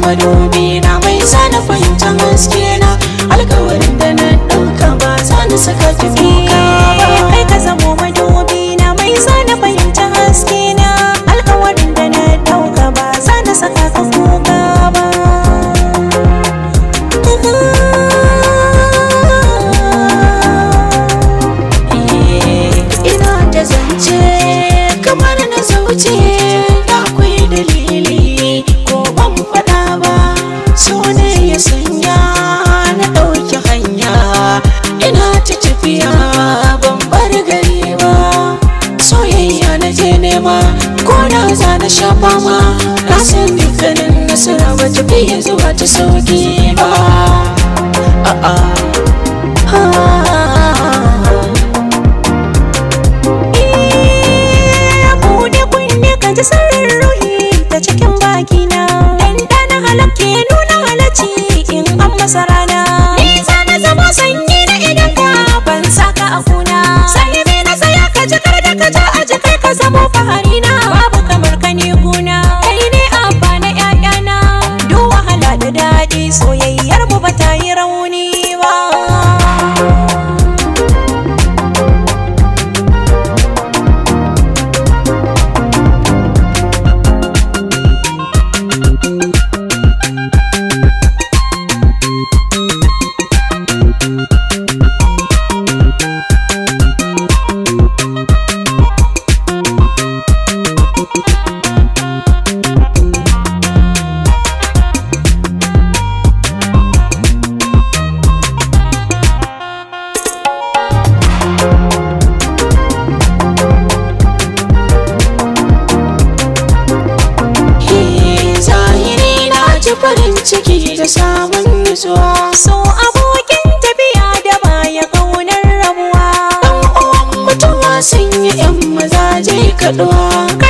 madobi na mai sani fahimtar haske na alkawarin da na ɗauka ba sani saka tafi ko da za na sha fama na san dukkanin nasara ba ta fiye zuwa ta sauki ba Bude kunne ka ji sirrin ruhi farin ciki da sabon nutsuwa so abokin tafiya da baya kaunar rabuwa dan uwan mutuwa sun yi yan mazaje kaduwa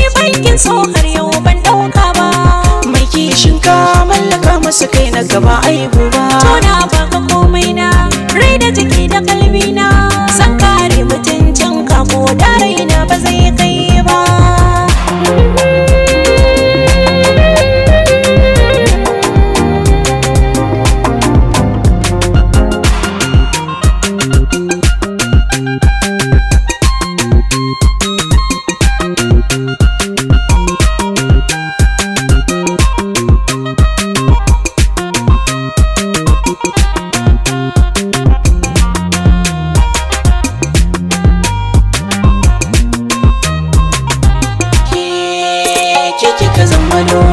aikin so yau ban dauka ba mai kishin ka mallaka masa kai na gaba aibu ba No